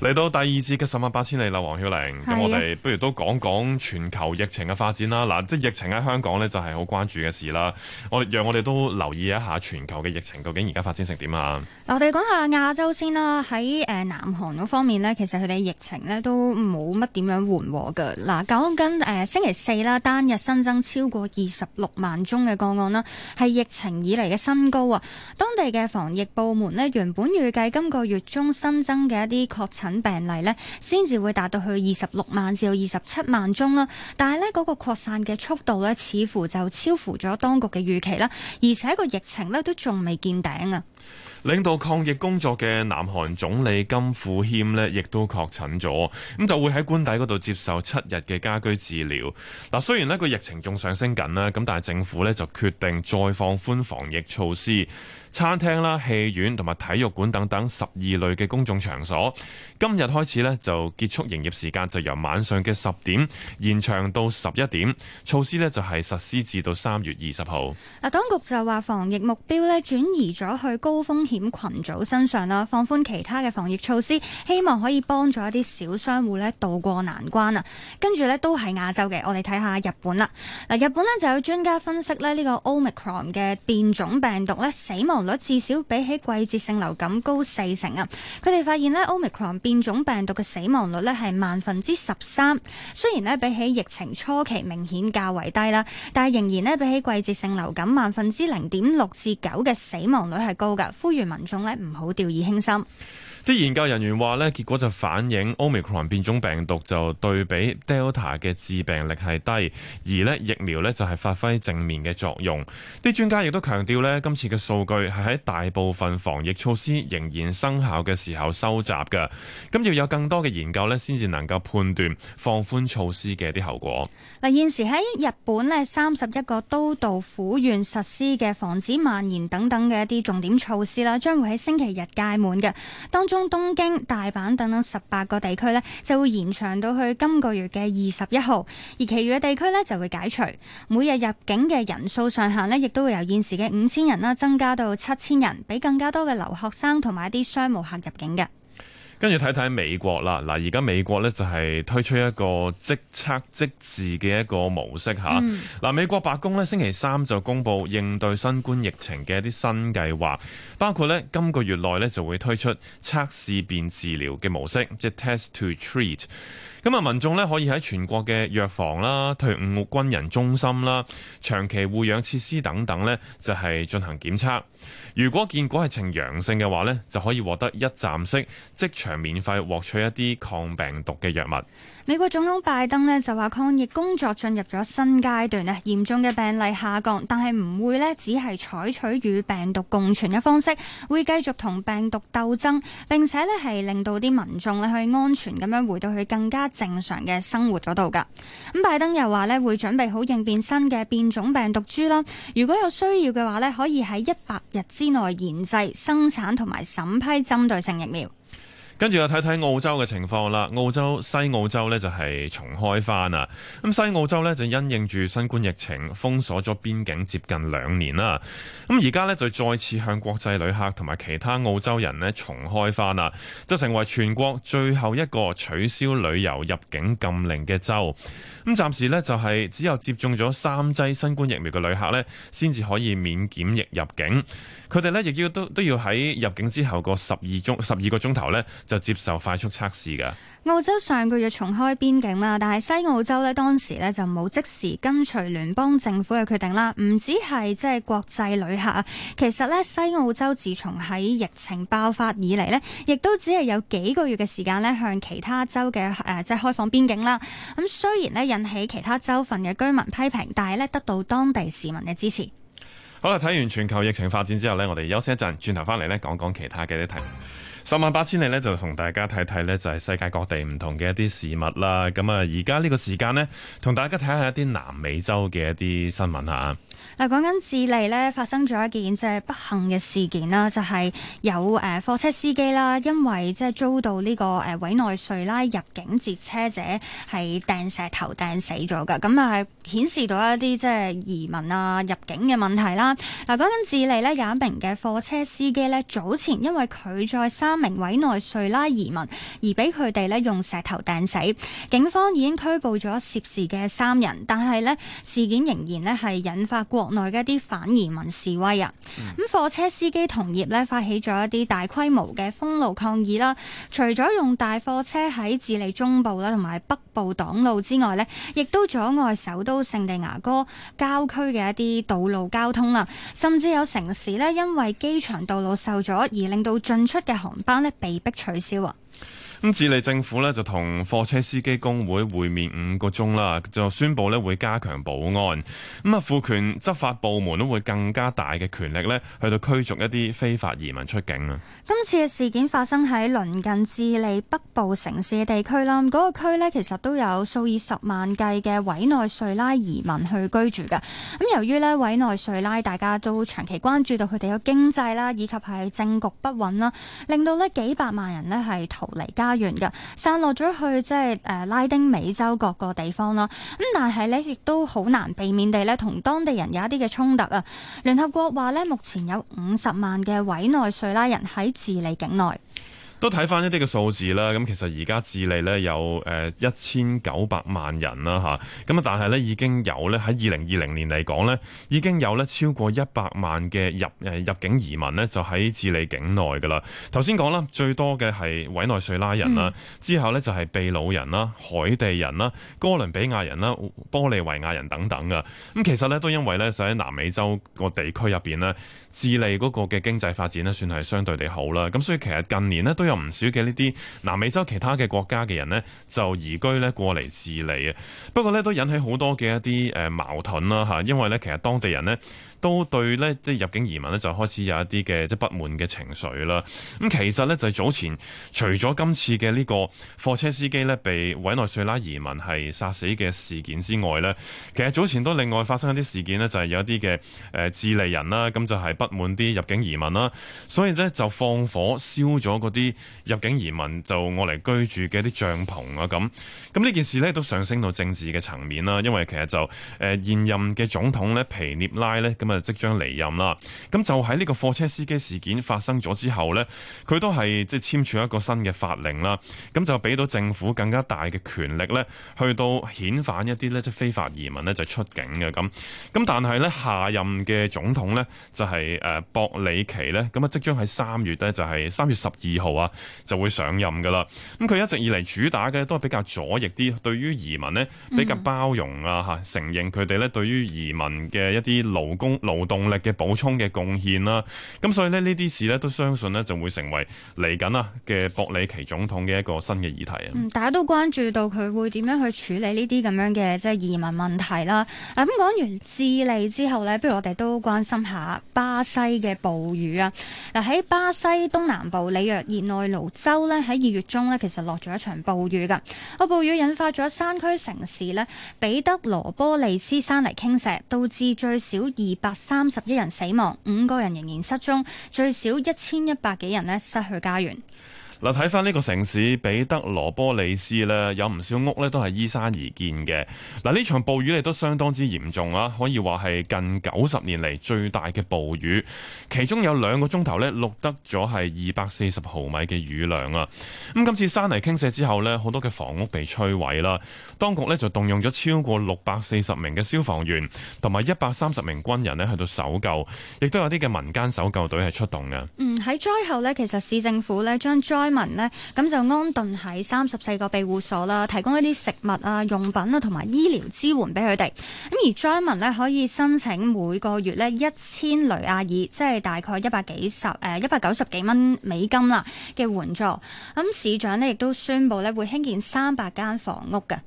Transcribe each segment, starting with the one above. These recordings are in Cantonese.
嚟到第二節嘅十萬八千里啦，黃曉玲。咁是的 我哋不如都講講全球疫情嘅發展啦。嗱，即係疫情喺香港呢，就係好關注嘅事啦。我哋讓我哋都留意一下全球嘅疫情，究竟而家發展成點啊？嗱，我哋講下亞洲先啦。喺誒南韓嗰方面呢，其實佢哋疫情呢都冇乜點樣緩和㗎。嗱，講緊誒星期四啦，單日新增超過二十六萬宗嘅個案啦，係疫情以嚟嘅新高啊！當地嘅防疫部門呢，原本預計今個月中新增嘅一啲確診等病例咧，先至會達到去二十六萬至到二十七萬宗啦。但係呢嗰個擴散嘅速度咧，似乎就超乎咗當局嘅預期啦。而且個疫情咧都仲未見頂啊！領導抗疫工作嘅南韓總理金富謙咧，亦都確診咗，咁就會喺官邸嗰度接受七日嘅家居治療。嗱，雖然呢個疫情仲上升緊啦，咁但係政府咧就決定再放寬防疫措施。餐廳啦、戲院同埋體育館等等十二類嘅公眾場所，今日開始呢就結束營業時間，就由晚上嘅十點延長到十一點。措施呢就係實施至到三月二十號。嗱，當局就話防疫目標呢轉移咗去高風險群組身上啦，放寬其他嘅防疫措施，希望可以幫助一啲小商戶呢渡過難關啊。跟住呢都係亞洲嘅，我哋睇下日本啦。嗱，日本呢就有專家分析呢呢個 Omicron 嘅變種病毒呢死亡率至少比起季節性流感高四成啊！佢哋發現呢 Omicron 變種病毒嘅死亡率呢係萬分之十三，雖然呢，比起疫情初期明顯較為低啦，但係仍然呢，比起季節性流感萬分之零點六至九嘅死亡率係高噶，呼籲民眾呢，唔好掉以輕心。啲研究人員話呢，結果就反映 Omicron 變種病毒就對比 Delta 嘅致病力係低，而呢疫苗呢就係發揮正面嘅作用。啲專家亦都強調呢，今次嘅數據係喺大部分防疫措施仍然生效嘅時候收集㗎。咁要有更多嘅研究呢先至能夠判斷放寬措施嘅啲後果。嗱，現時喺日本呢三十一個都道府縣實施嘅防止蔓延等等嘅一啲重點措施啦，將會喺星期日屆滿嘅，當中，東京、大阪等等十八個地區呢，就會延長到去今個月嘅二十一號，而其餘嘅地區呢就會解除每日入境嘅人數上限呢，亦都會由現時嘅五千人啦增加到七千人，俾更加多嘅留學生同埋一啲商務客入境嘅。跟住睇睇美國啦，嗱，而家美國咧就係推出一個即測即治嘅一個模式下嗱、嗯、美國白宮咧星期三就公布應對新冠疫情嘅一啲新計劃，包括咧今個月內咧就會推出測試變治療嘅模式，即、就是、test to treat。咁啊，民眾咧可以喺全國嘅藥房啦、退伍軍人中心啦、長期護養設施等等咧，就係進行檢測。如果結果係呈陽性嘅話咧，就可以獲得一站式、即場免費獲取一啲抗病毒嘅藥物。美國總統拜登呢就話抗疫工作進入咗新階段咧，嚴重嘅病例下降，但係唔會咧只係採取與病毒共存嘅方式，會繼續同病毒鬥爭，並且咧係令到啲民眾咧去安全咁樣回到佢更加正常嘅生活嗰度噶。咁拜登又話咧會準備好應變新嘅變種病毒株啦，如果有需要嘅話咧，可以喺一百日之內研製、生產同埋審批針對性疫苗。跟住又睇睇澳洲嘅情況啦，澳洲西澳洲呢就係重開返啦。咁西澳洲呢就因應住新冠疫情封鎖咗邊境接近兩年啦。咁而家呢，就再次向國際旅客同埋其他澳洲人呢重開返啦，就成為全國最後一個取消旅遊入境禁令嘅州。咁暫時呢，就係只有接種咗三劑新冠疫苗嘅旅客呢，先至可以免檢疫入境。佢哋呢亦要都都要喺入境之後個十二鐘十二個鐘頭呢。就接受快速測試㗎。澳洲上個月重開邊境啦，但係西澳洲咧，當時咧，就冇即時跟隨聯邦政府嘅決定啦。唔止係即係國際旅客啊，其實咧西澳洲自從喺疫情爆發以嚟咧，亦都只係有幾個月嘅時間咧，向其他州嘅誒、呃、即係開放邊境啦。咁雖然咧引起其他州份嘅居民批評，但係咧得到當地市民嘅支持。好啦，睇完全球疫情發展之後咧，我哋休息一陣，轉頭返嚟咧講講其他嘅啲題。十萬八千里咧，就同大家睇睇咧，就係世界各地唔同嘅一啲事物啦。咁啊，而家呢個時間咧，同大家睇下一啲南美洲嘅一啲新聞下。嗱，講緊智利咧發生咗一件即係不幸嘅事件啦，就係、是、有誒、呃、貨車司機啦，因為即係遭到呢個誒委內瑞拉入境截車者係掟石頭掟死咗嘅，咁啊係顯示到一啲即係移民啊入境嘅問題啦。嗱，講緊智利咧有一名嘅貨車司機咧，早前因為拒載三名委內瑞拉移民而俾佢哋咧用石頭掟死，警方已經拘捕咗涉事嘅三人，但係咧事件仍然咧係引發。國內嘅一啲反移民示威啊，咁貨車司機同業呢發起咗一啲大規模嘅封路抗議啦。除咗用大貨車喺智利中部啦同埋北部擋路之外呢，亦都阻礙首都聖地牙哥郊區嘅一啲道路交通啦。甚至有城市呢，因為機場道路受阻而令到進出嘅航班呢被迫取消啊。咁智利政府咧就同貨車司機工會會面五個鐘啦，就宣布咧會加強保安。咁啊，賦權執法部門都會更加大嘅權力咧，去到驅逐一啲非法移民出境啊。今次嘅事件發生喺鄰近智利北部城市嘅地區啦，那個區咧其實都有數以十萬計嘅委內瑞拉移民去居住嘅。咁由於咧委內瑞拉大家都長期關注到佢哋嘅經濟啦，以及係政局不穩啦，令到咧幾百萬人咧係逃離家家園嘅散落咗去，即係誒拉丁美洲各個地方啦，咁但係咧亦都好難避免地咧同當地人有一啲嘅衝突啊！聯合國話咧目前有五十萬嘅委內瑞拉人喺智利境內。都睇翻一啲嘅數字啦，咁其實而家智利呢，有誒一千九百萬人啦吓，咁啊但係呢，已經有呢喺二零二零年嚟講呢，已經有呢超過一百萬嘅入入境移民呢，就喺智利境內噶啦。頭先講啦，最多嘅係委內瑞拉人啦，嗯、之後呢就係秘魯人啦、海地人啦、哥倫比亞人啦、玻利維亞人等等㗎。咁其實呢，都因為呢，就喺南美洲個地區入面呢，智利嗰個嘅經濟發展呢算係相對地好啦。咁所以其實近年呢，都有唔少嘅呢啲南美洲其他嘅國家嘅人呢，就移居呢過嚟智利啊。不過呢都引起好多嘅一啲誒矛盾啦吓，因為呢其實當地人呢。都對呢即係入境移民就開始有一啲嘅即係不滿嘅情緒啦。咁其實呢，就係早前，除咗今次嘅呢個貨車司機呢，被委內瑞拉移民係殺死嘅事件之外呢，其實早前都另外發生一啲事件呢，就係有一啲嘅誒智利人啦，咁就係不滿啲入境移民啦，所以呢，就放火燒咗嗰啲入境移民就我嚟居住嘅啲帳篷啊，咁。咁呢件事呢，都上升到政治嘅層面啦，因為其實就誒現任嘅總統呢，皮涅拉呢。咁。咁啊，即將離任啦。咁就喺呢個貨車司機事件發生咗之後呢，佢都係即係簽署了一個新嘅法令啦。咁就俾到政府更加大嘅權力呢，去到遣返一啲呢，即係非法移民呢，就係、出境嘅咁。咁但係呢，下任嘅總統呢，就係、係、誒博里奇呢。咁啊，即將喺三月呢，就係、係、三月十二號啊，就會上任噶啦。咁佢一直以嚟主打嘅都係比較左翼啲，對於移民呢，比較包容啊嚇，嗯、承認佢哋呢對於移民嘅一啲勞工。勞動力嘅補充嘅貢獻啦、啊，咁所以咧呢啲事呢，都相信呢，就會成為嚟緊啊嘅博里奇總統嘅一個新嘅議題啊！嗯，大家都關注到佢會點樣去處理呢啲咁樣嘅即係移民問題啦。咁講完智利之後呢，不如我哋都關心下巴西嘅暴雨啊！嗱，喺巴西東南部里約熱內盧州呢，喺二月中呢，其實落咗一場暴雨嘅，個暴雨引發咗山區城市呢，彼得羅波利斯山泥傾瀉，導致最少二百百三十一人死亡，五個人仍然失蹤，最少一千一百幾人呢，失去家園。嗱，睇翻呢個城市彼得羅波里斯咧，有唔少屋咧都係依山而建嘅。嗱，呢場暴雨亦都相當之嚴重啊，可以話係近九十年嚟最大嘅暴雨。其中有兩個鐘頭咧，錄得咗係二百四十毫米嘅雨量啊。咁今次山泥傾瀉之後咧，好多嘅房屋被摧毀啦。當局呢就動用咗超過六百四十名嘅消防員同埋一百三十名軍人咧去到搜救，亦都有啲嘅民間搜救隊係出動嘅。嗯，喺災後呢，其實市政府咧將災居民呢，咁就安頓喺三十四個庇護所啦，提供一啲食物啊、用品啊，同埋醫療支援俾佢哋。咁而災民呢，可以申請每個月呢一千雷亞爾，即係大概一百幾十誒一百九十幾蚊美金啦嘅援助。咁，嗯，市長呢，亦都宣布咧會興建三百間房屋嘅。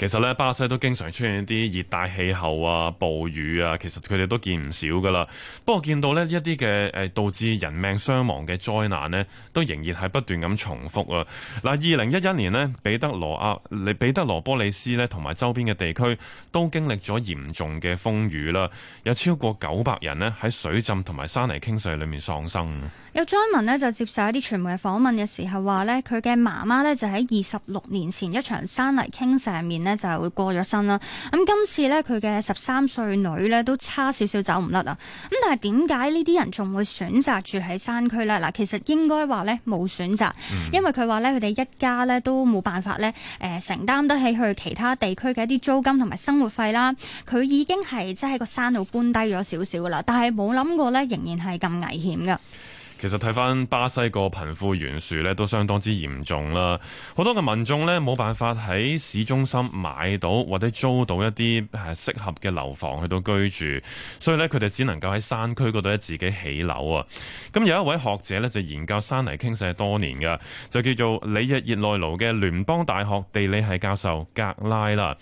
其實咧，巴西都經常出現一啲熱帶氣候啊、暴雨啊，其實佢哋都見唔少噶啦。不過見到呢一啲嘅誒導致人命傷亡嘅災難呢，都仍然係不斷咁重複啊！嗱，二零一一年呢，彼得羅亞、彼得羅波利斯呢同埋周邊嘅地區都經歷咗嚴重嘅風雨啦，有超過九百人呢喺水浸同埋山泥傾瀉裏面喪生。有災民呢就接受一啲傳媒嘅訪問嘅時候話呢佢嘅媽媽呢就喺二十六年前一場山泥傾瀉裏面咧，就係會過咗身啦，咁今次咧佢嘅十三歲女咧都差少少走唔甩啦，咁但係點解呢啲人仲會選擇住喺山區呢？嗱，其實應該話咧冇選擇，嗯、因為佢話咧佢哋一家咧都冇辦法咧誒承擔得起去其他地區嘅一啲租金同埋生活費啦，佢已經係即係喺個山度搬低咗少少啦，但係冇諗過咧仍然係咁危險噶。其實睇翻巴西個貧富懸殊呢都相當之嚴重啦。好多嘅民眾呢冇辦法喺市中心買到或者租到一啲適合嘅樓房去到居住，所以呢，佢哋只能夠喺山區嗰度咧自己起樓啊。咁有一位學者呢，就研究山泥傾瀉多年嘅，就叫做里約熱內盧嘅聯邦大學地理系教授格拉啦。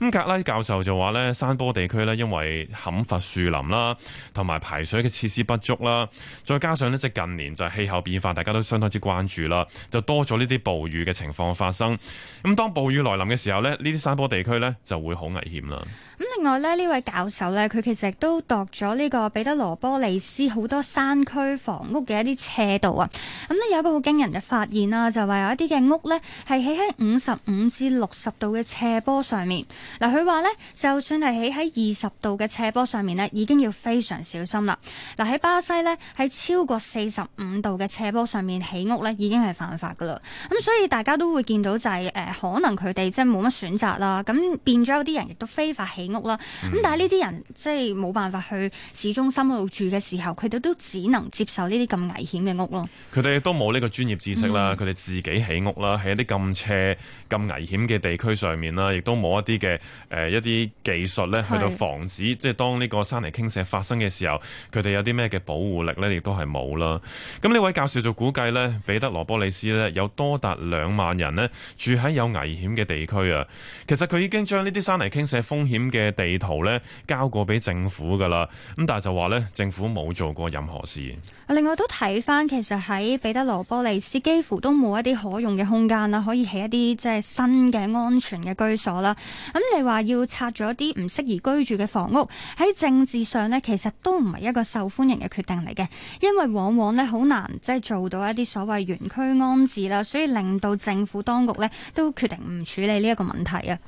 咁格拉教授就話咧，山坡地區咧，因為砍伐樹林啦，同埋排水嘅設施不足啦，再加上呢，即近年就係氣候變化，大家都相當之關注啦，就多咗呢啲暴雨嘅情況發生。咁當暴雨來臨嘅時候呢，呢啲山坡地區呢就會好危險啦。咁另外呢位教授呢，佢其實亦都度咗呢個彼得羅波利斯好多山區房屋嘅一啲斜度啊。咁呢，有個好驚人嘅發現啊，就係有一啲嘅屋呢係起喺五十五至六十度嘅斜坡上面。嗱，佢話咧，就算係起喺二十度嘅斜坡上面咧，已經要非常小心啦。嗱，喺巴西咧，喺超過四十五度嘅斜坡上面起屋咧，已經係犯法噶啦。咁、嗯、所以大家都會見到就係、是、誒、呃，可能佢哋即係冇乜選擇啦。咁變咗有啲人亦都非法起屋啦。咁、嗯、但係呢啲人即係冇辦法去市中心嗰度住嘅時候，佢哋都只能接受呢啲咁危險嘅屋咯。佢哋都冇呢個專業知識啦，佢哋、嗯、自己起屋啦，喺一啲咁斜、咁危險嘅地區上面啦，亦都冇一啲嘅。誒、呃，一啲技術咧，去到防止，是即係當呢個山泥傾瀉發生嘅時候，佢哋有啲咩嘅保護力呢？亦都係冇啦。咁呢位教授就估計呢彼得羅波利斯呢有多達兩萬人呢住喺有危險嘅地區啊。其實佢已經將呢啲山泥傾瀉風險嘅地圖呢交過俾政府噶啦，咁但係就話呢政府冇做過任何事。另外都睇翻，其實喺彼得羅波利斯幾乎都冇一啲可用嘅空間啦，可以起一啲即係新嘅安全嘅居所啦。嗯咁你話要拆咗啲唔適宜居住嘅房屋，喺政治上呢，其實都唔係一個受歡迎嘅決定嚟嘅，因為往往呢，好難即係做到一啲所謂原區安置啦，所以令到政府當局呢，都決定唔處理呢一個問題啊。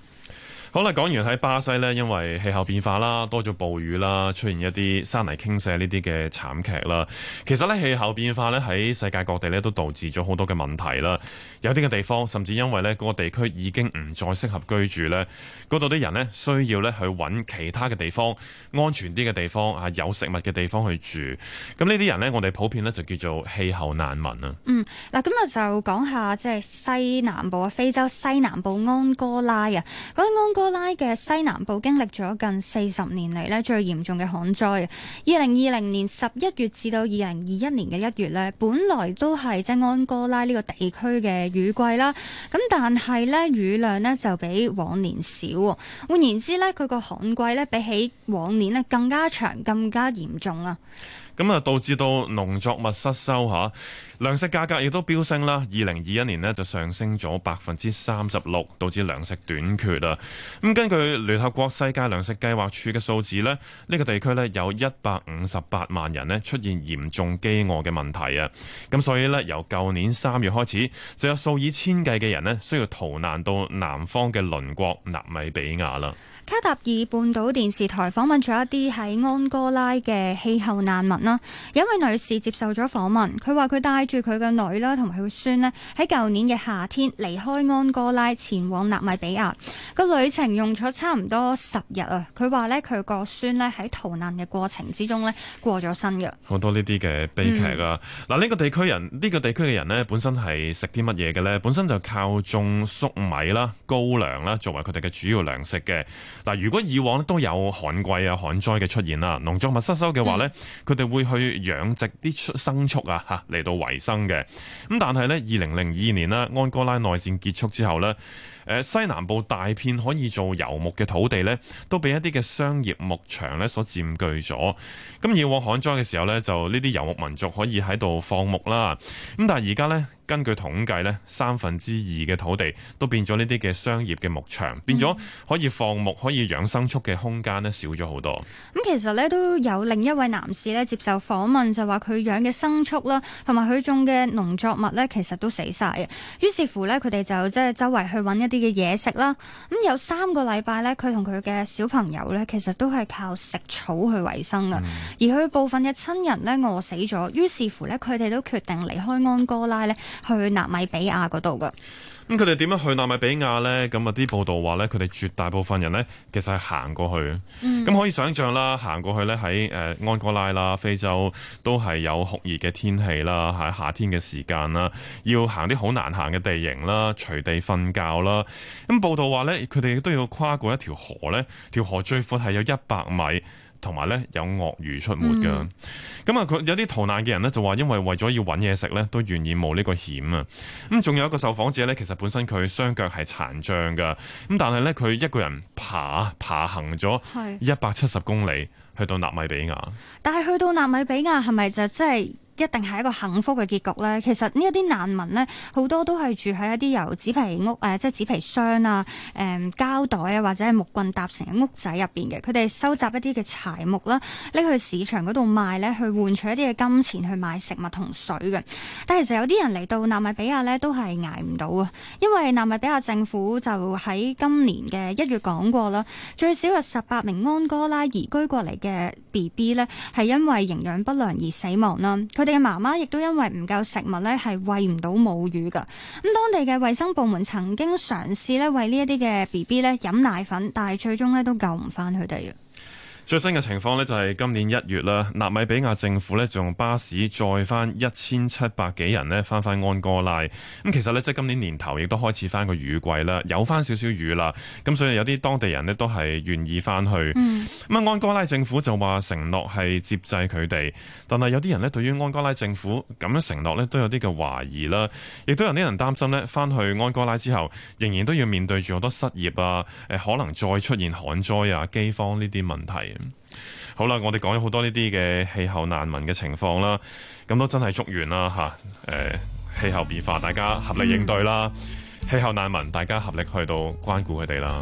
好啦，講完喺巴西呢，因為氣候變化啦，多咗暴雨啦，出現一啲山泥傾瀉呢啲嘅慘劇啦。其實呢，氣候變化呢，喺世界各地呢都導致咗好多嘅問題啦。有啲嘅地方甚至因為呢嗰個地區已經唔再適合居住呢，嗰度啲人呢需要呢去揾其他嘅地方，安全啲嘅地方啊，有食物嘅地方去住。咁呢啲人呢，我哋普遍呢就叫做氣候難民啊。嗯，嗱，今日就講下即係西南部啊，非洲西南部安哥拉啊，安哥。安哥拉嘅西南部經歷咗近四十年嚟呢最嚴重嘅旱災。二零二零年十一月至到二零二一年嘅一月呢本來都係即安哥拉呢個地區嘅雨季啦。咁但係呢，雨量呢就比往年少。換言之呢佢個旱季呢比起往年呢更加長、更加嚴重啊。咁啊，導致到農作物失收吓。糧食價格亦都飆升啦，二零二一年呢，就上升咗百分之三十六，導致糧食短缺啊。咁根據聯合國世界糧食計劃署嘅數字呢，呢、呢個地區呢有一百五十八萬人呢出現嚴重飢餓嘅問題啊。咁所以呢，由舊年三月開始，就有數以千計嘅人呢需要逃難到南方嘅鄰國納米比亞啦。卡塔爾半島電視台訪問咗一啲喺安哥拉嘅氣候難民啦，有一位女士接受咗訪問，佢話佢帶住佢個女啦，同埋佢個孫呢喺，舊年嘅夏天離開安哥拉前往納米比亞，個旅程用咗差唔多十日啊。佢話呢，佢個孫呢，喺逃難嘅過程之中呢，過咗身嘅。好多呢啲嘅悲劇啊！嗱、嗯啊，呢、呢個地區人呢、呢個地區嘅人呢，本身係食啲乜嘢嘅呢？本身就靠種粟米啦、高粱啦，作為佢哋嘅主要糧食嘅。嗱、啊，如果以往都有旱季啊、旱災嘅出現啦，農作物失收嘅話呢，佢哋、嗯、會去養殖啲牲畜啊吓，嚟到生嘅咁，但係咧，二零零二年啦，安哥拉內戰結束之後咧。誒西南部大片可以做游牧嘅土地呢，都俾一啲嘅商業牧場呢所佔據咗。咁以往旱災嘅時候呢，就呢啲游牧民族可以喺度放牧啦。咁但係而家呢，根據統計呢，三分之二嘅土地都變咗呢啲嘅商業嘅牧場，變咗可以放牧、可以養牲畜嘅空間呢少咗好多。嗯。咁其實呢，都有另一位男士呢接受訪問，就話佢養嘅牲畜啦，同埋佢種嘅農作物呢，其實都死晒嘅。於是乎呢，佢哋就即係周圍去揾一啲嘅嘢食啦，咁有三個禮拜咧，佢同佢嘅小朋友咧，其實都係靠食草去維生嘅，而佢部分嘅親人咧，餓死咗，於是乎咧，佢哋都決定離開安哥拉咧，去納米比亞嗰度㗎。咁佢哋點樣去納米比亞呢？咁啊啲報道話呢，佢哋絕大部分人呢，其實係行過去。咁、嗯、可以想象啦，行過去呢，喺、呃、安哥拉啦，非洲都係有酷熱嘅天氣啦，喺夏天嘅時間啦，要行啲好難行嘅地形啦，隨地瞓覺啦。咁報道話呢，佢哋都要跨過一條河呢，條河最闊係有一百米。同埋咧有鱷魚出沒嘅，咁啊佢有啲逃難嘅人咧就話因為為咗要揾嘢食咧，都願意冒呢個險啊！咁仲有一個受訪者咧，其實本身佢雙腳係殘障嘅，咁但係咧佢一個人爬爬行咗一百七十公里是去到納米比亞，但係去到納米比亞係咪就即、是、係？一定係一個幸福嘅結局咧。其實呢一啲難民呢，好多都係住喺一啲由紙皮屋、呃、即係紙皮箱啊、誒、嗯、膠袋啊，或者係木棍搭成嘅屋仔入邊嘅。佢哋收集一啲嘅柴木啦，拎去市場嗰度賣呢，去換取一啲嘅金錢去買食物同水嘅。但係其實有啲人嚟到納米比亞呢，都係捱唔到啊。因為納米比亞政府就喺今年嘅一月講過啦，最少有十八名安哥拉移居過嚟嘅 BB 呢，係因為營養不良而死亡啦。佢哋嘅媽媽亦都因為唔夠食物咧，係餵唔到母乳噶。咁當地嘅衛生部門曾經嘗試咧，餵呢一啲嘅 B B 咧飲奶粉，但係最終咧都救唔返佢哋嘅。最新嘅情況呢，就係今年一月啦，納米比亞政府呢，仲用巴士載翻一千七百幾人呢，翻翻安哥拉。咁其實呢，即係今年年頭亦都開始翻個雨季啦，有翻少少雨啦。咁所以有啲當地人呢，都係願意翻去。咁啊、嗯，安哥拉政府就話承諾係接濟佢哋，但係有啲人呢，對於安哥拉政府咁樣承諾呢，都有啲嘅懷疑啦。亦都有啲人擔心呢，翻去安哥拉之後，仍然都要面對住好多失業啊，誒可能再出現旱災啊、饑荒呢啲問題。好啦，我哋講咗好多呢啲嘅氣候難民嘅情況啦，咁都真係祝願啦吓，誒氣候變化，大家合力應對啦，氣候難民，大家合力去到關顧佢哋啦。